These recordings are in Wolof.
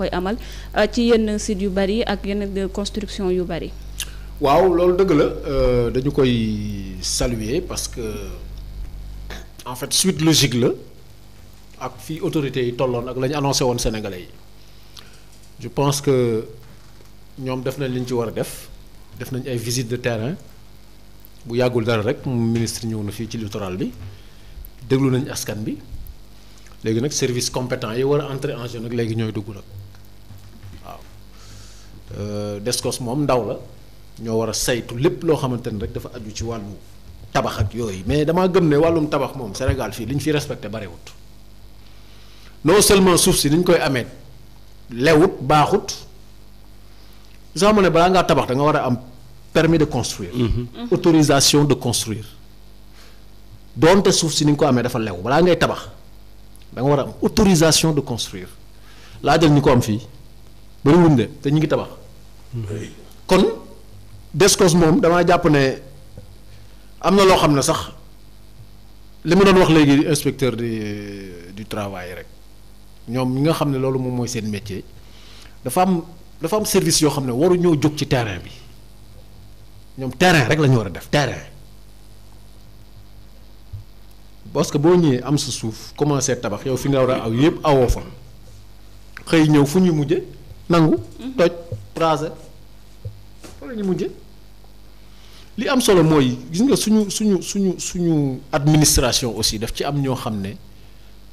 koy amal euh, ci yenn sites yu bari ak yenn de construction yu bari. waaw loolu dëgg la euh, dañu koy saluer parce que en fait suite logique la ak fii autorités yi tolloon ak lañu ñu woon sénégalais yi je pense que ñoom def nañ li ñu ci war a def def nañ ay visite de terrain bu yàggul dara rek ministre ñëw na fii ci littoral bi déglu nañ askan bi léegi nag service compétent yi war a entrer nag léegi ñooy dugg nag. Euh, Descos moom ndaw la ñoo war a saytu lépp loo xamante ni rek dafa aju ci wàllu tabax ak yooyu mais damaa gëm ne wàllum tabax moom Sénégal fii li ñu fi respecté barewut non seulement suuf si ni ñu koy amee lewut baaxut sax mu ne balaa ngaa tabax danga war a am permis de construire. Mm-hmm. Mm-hmm. autorisation de construire doonte suuf si ni ñu ko amee dafa lew balaa ngay tabax da nga war a am autorisation de construire laa jël ñu ko am fii bariwuñ de te ñu ngi tabax. kon Descos moom damaa jàpp ne am na loo xam ne sax li ma doon wax léegi inspecteur du euh, du travail rek ñoom ñi nga xam ne loolu moom mooy seen métier dafa am dafa am service yoo xam ne waru ñoo jóg ci terrain bi ñoom terrain rek la ñu war a def terrain parce que boo ñëwee am sa suuf commencé tabax yow fi nga war a aw yëpp awoo fa xëy ñëw fu ñuy mujje nangu mm-hmm. toj wala ñu mujje li am solo mooy gis nga suñu suñu suñu suñu administration aussi daf ci am ñoo xam ne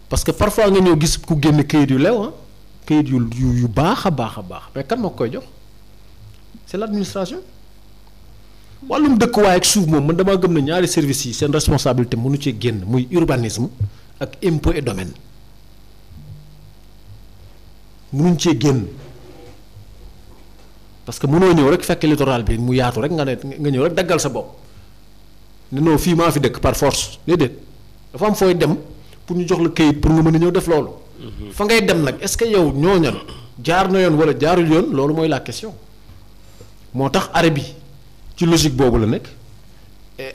parce que parfois nga ñoo gis ku génn kayit yu lew ah kayit yu yu baax a baax a baax mais kan moo koy jox c'est l'administration wàllum dëkkuwaay ak suuf moom man damaa gëm ne ñaari service yi seen responsabilité mënu ci génn muy urbanisme ak impo et domaine mënuñ cee génn. parce que mënoo ñëw rek fekk littoral bi mu yaatu rek nga ne nga ñëw rek daggal sa bopp ne non fii maa fi dëkk par force déedéet dafa am fooy dem pour ñu jox la kayit pour nga mën a ñëw def loolu. Mhm. fa ngay dem nag est-ce que yow ñooñu jaar na yoon wala jaarul yoon loolu mooy la question moo tax arrêt bi ci logique boobu la nekk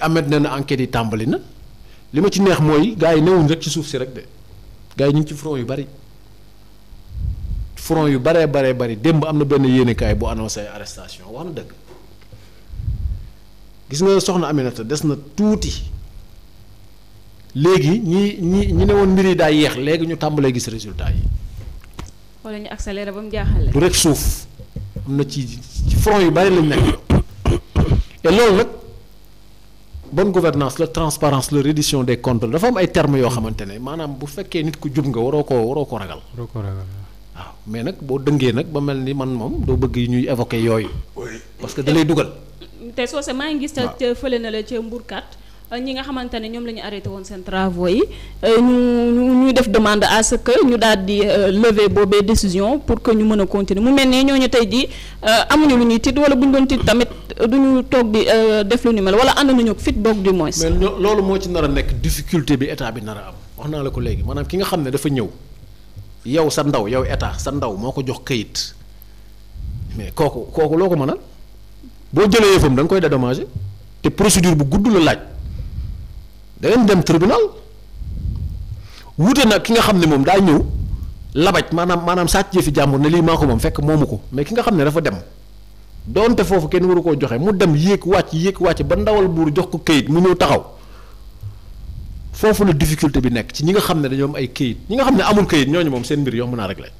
Ahmed nee na enquête yi tàmbali na li ma ci neex mooy gars yi newuñ rek ci suuf si rek de gars yi ñu ci front yu bari. front yu baree baree bari démb am na benn yéenekaay bu annoncé arrestation wax na dëgg gis nga soxna amenata des na tuuti léegi ñi ñi ñi ne woon mbir yi daay yéex léegi ñu tàmbalee gis résultat yi. wala ñu accéléré ba mu jaaxale. du suuf am na ci ci front yu bari lañ nekk et loolu nag bonne gouvernance la transparence la reddition des comptes dafa am ay terme yoo xamante ne maanaam bu fekkee nit ku jub nga waroo ko waroo waroo ko ragal. waaw mais nag boo dëngee nag ba mel ni man moom doo bëgg yi ñuy évoquer yooyu. parce que dalay dugal. te soo sa maa ngi gis. ca fële na la ca Mbourkat. ñi nga xamante ne ñoom la ñu arrêté woon seen travaux yi euh, ñu ñu def demande à que ñu daal di euh, lever boobee décision pour que ñu mën a continuer mu mel ne ñooñu tey jii euh, amuñu lu ñuy tiit wala bu ñu doon tiit tamit duñu ñu toog di def lu ni mel wala ànd nañu fit boog du moins. mais loolu moo ci nar a nekk difficulté bi état bi nar am wax naa la ko léegi maanaam ki nga xam ne dafa ñëw. yow sa ndaw yow état sa ndaw moo ko jox kayit mais kooku kooku loo ko mënal boo jëlee yëfam da koy dédommager te procédure bu gudd la laaj da ngeen dem tribunal wuute nag ki nga xam ne moom daa ñëw labaj maanaam maanaam sàccee fi jàmbur ne lii maa ko moom fekk moomu ko mais ki nga xam ne dafa dem doonte foofu kenn waru koo joxe mu dem yéeg wàcc yéeg wàcc ba ndawal buur jox ko kayit mu ñëw taxaw. foofu la difficulté bi nekk ci ñi nga xam ne dañoom ay këyit ñi nga xam ne amul këyit ñooñu moom seen mbir yomb naa régler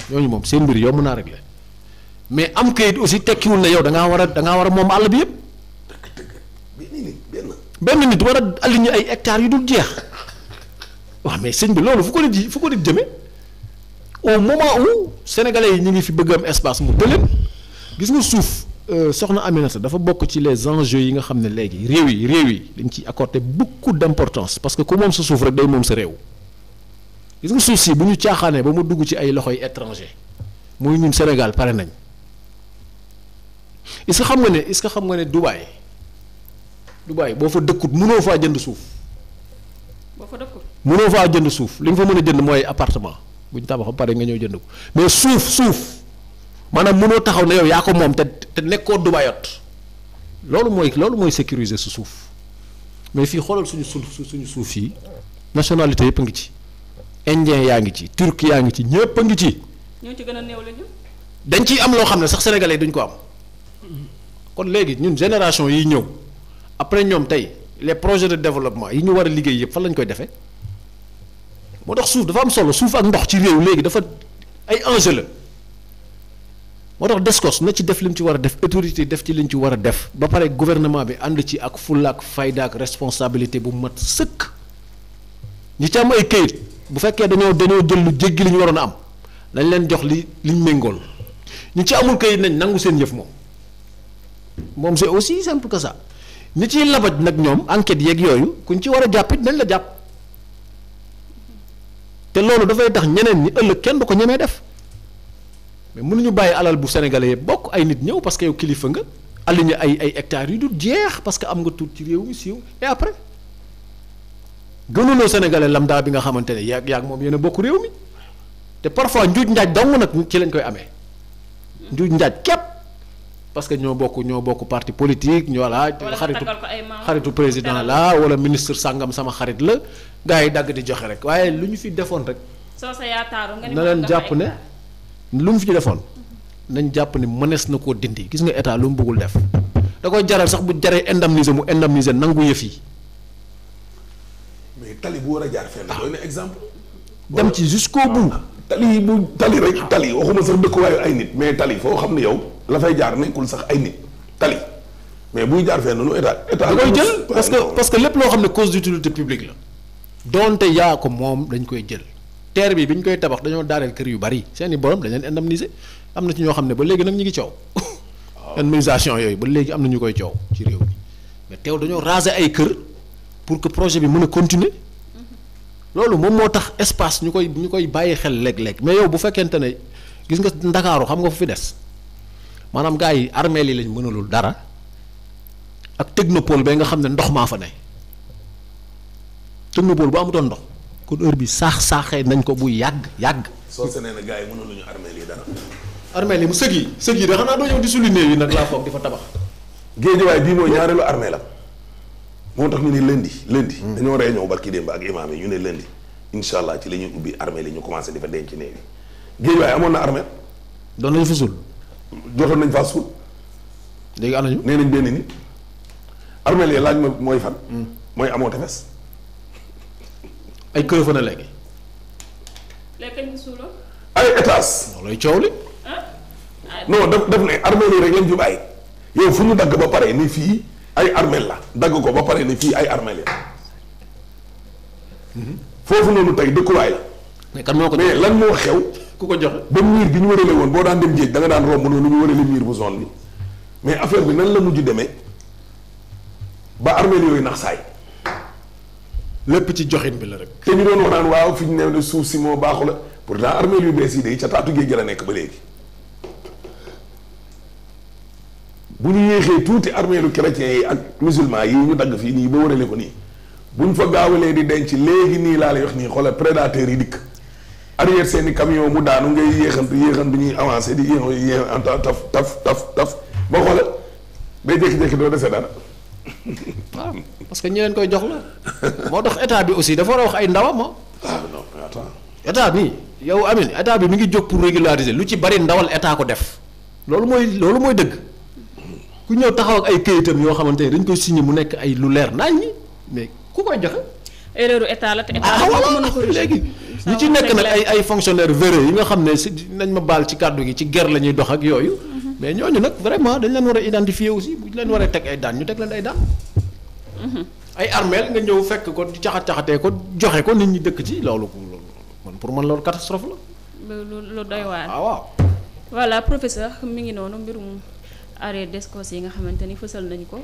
waaw ñooñu moom seen mbir yomb naa régler mais am këyit aussi tekkiwul na yow da ngaa war a da ngaa war a moom àll bi yëpp. benn nit war a aligné ay hectares yu dul jeex waaw mais sëñ bi loolu fu ko nit ji fu ko nit jëme au moment où sénégalais yi ñu ngi fi bëgg am espace mu tëleen gis nga suuf. Euh, soxna Aminata dafa bokk ci les enjeux yi nga xam ne léegi réew yi réew yi dañ ciy accorder beaucoup d' importance parce que ku moom sa suuf rek day moom sa réew gis nga suuf si bu ñu caaxaanee ba mu dugg ci ay loxo loxoy étranger muy ñun Sénégal pare nañ est-ce xam nga ne est-ce que xam nga ne Dubaï Dubaï boo fa dëkkut mënoo faa jënd suuf. boo fa faa jënd suuf li nga fa mën a jënd mooy appartement bu ñu tabax ba nga ñëw jënd ko mais suuf suuf. maanaam mënoo taxaw ne yow yaa ko moom te te nekkoo dubayot loolu mooy loolu mooy sécuriser su suuf mais fii xoolal suñu su suñu suuf yi nationalité yëpp a ngi ci indien yaa ngi ci turc yaa ngi ci ñëpp a ngi ci. ñoo ci gën a néew lañu dañ ciy am loo xam ne sax sénégalais duñ ko am kon léegi ñun génération yi ñëw après ñoom tey les projet de développement yi ñu war a liggéey yëpp fan lañ koy defee moo tax suuf dafa am solo suuf ak ndox ci réew léegi dafa ay enjeu la. moo tax DSCOS na ci def li ci war a def autorité def ci li ñu ci war a def ba pare gouvernement bi ànd ci ak fulla ak fayda ak responsabilité bu mat sëkk ñi ci am ay këyit bu fekkee dañoo dañoo jël lu jéggi li waroon a am dañ leen jox li liñ méngool ñi ci amul këyit nañ nangu seen yëf moom moom c'est aussi simple que ñi ciy labaj nag ñoom enquête yeeg yooyu kuñ ci war a jàpp it nañ la jàpp te loolu dafay tax ñeneen ñi ëllëg kenn du ko ñemee def. mais mënuñu bàyyi alal bu sénégalais yëpp bokk ay nit ñëw parce que yow kilifa nga aligné ay ay hectares yu du jeex parce que am nga tuut ci réew mi siiw et après gënuloo sénégalais lambda bi nga xamante ne yaa yaa moom yéen a bokk réew mi te parfois njuuj njaaj dong nag ci lañ koy amee njuuj njaaj képp parce que ñoo bokk ñoo bokk parti politique ñoo la xaritu xaritu président la wala ministre sàngam sama xarit la gars yi dagg di joxe rek waaye lu ñu fi defoon rek. soo sa na leen jàpp ne. lu mu fi ñu defoon nañ jàpp ne mënees na koo dindi gis nga état lu mu bëggul def da koy jaral sax bu jaree indemniser mu indemniser nangu yëf yi. mais tali bu war a jaar fenn. doy ah. na exemple. dem ci jusqu'au bout. tali bu tali rek ah. tali waxuma sax dëkkuwaayu ay nit mais tali foo xam ne yow la fay jaar nekkul sax ay nit tali mais buy jaar fenn nu état état. da koy jël parce que parce que lépp loo xam ne cause d'utilité publique la. doonte yaa ko moom dañ koy jël. terre bi bi ñu koy tabax dañoo daaneel kër yu bari seen i borom dañ leen am na ci ñoo xam ne ba léegi nag ñu ngi coow. indemnisation yooyu ba léegi am na ñu koy coow ci réew mi mais teew dañoo raser ay kër pour que projet bi mën a continuer mm-hmm. loolu moom moo tax espace ñu koy ñu koy bàyyi xel léeg-léeg mais yow bu fekkente ne gis nga ndakaaru xam nga fu fi des maanaam gars yi armeel yi lañ mënalul dara ak technopole ba nga xam ne ndox maa fa ne technopole bu amutoon ndox. kon bi saax saaxee nañ ko bu yàgg yàgg. soo senee ne gars yi mënuluñu armée lii dara. armée li mu sëg yi sëg yi da xanaa doo di souligner yi nag laa foog di fa tabax. géejewaay bii mooy ñaareelu armée la moo tax ñu ne lundi lundi. Hmm. dañoo réunion barki démb ak imaam yi ñu ne lundi incha allah ci la ñuy ubbi li ñu commencé di fa denc néew yi géejewaay amoon na armée. doon nañu fa suul. jotoon nañ faa suul. léegi am nañu nee nañ benn nit armée li laaj ma mooy fan. Hmm. mooy amoo tefes. ay kër fa na léegi. ay étages. loolooy coow li. Ah. non daf daf ne armée lu rek lañ fi bàyyi yow fu ñu dagg ba pare ni fii ay armeel la dagg ko ba pare ni fii ay armée la mhm. foofu noonu tey dëkkuwaay la. mais moo ko mais lan moo xew. ku ko jox ba miir bi ñu wërale woon boo daan dem géej da nga daan romb noonu ñu wërale miir bu zone bi mais affaire bi nan la mujj deme ba armée yooyu nax saay. lépp ci joxin bi la rek. te ñu doon wax waaw fi ñu ne ne suuf si moo baaxu la pourtant armée yu bees yi day ca taatu géej gi la nekk ba léegi bu ñu yéexee tuuti armée lu chrétien yi ak musulman yi ñu dagg fii nii ba waralee ko nii buñ fa gaawalee di denc léegi nii laa lay yox nii xoolal prédateurs yi dikk arrière seeni camion mu daanu ngay yéexantu yéexantu ñuy avancé di yéex yéex taf taf taf taf ba xoolal day jékki-jékki doo dese dara. waaw parce que ñi leen koy jox la moo tax état bi aussi dafa war a wax ay ndawam ah. ah non bi yow Amine bi mi ngi jóg pour régulariser lu ci bari ndawal état ko def loolu mooy loolu mooy dëgg ku ñëw taxaw ay këyitam yoo xamante ne dañ koy signé mu nekk ay lu leer nañ mais ku koy joxe. erreur état la te état ah, la mën ko léegi ñu ci nekk nag ay ay fonctionnaires véreux yi nga xam ne si nañ ma baal ci kàddu gi ci guerre la ñuy dox ak yooyu. mais ñooñu nag vraiment dañ leen war a identifier aussi bu ñu leen waree teg ay daan ñu teg leen ay daan. Mm-hmm. ay armeel nga ñëw fekk ko caxat caxatee ko joxe ko nit ñi dëkk ci loolu ko man pour man loolu catastrophe la. lu lu doy ah, waar ah waaw. voilà professeur mi ngi noonu mbirum arrêt d'escos yi nga xamante ni fësal nañu ko.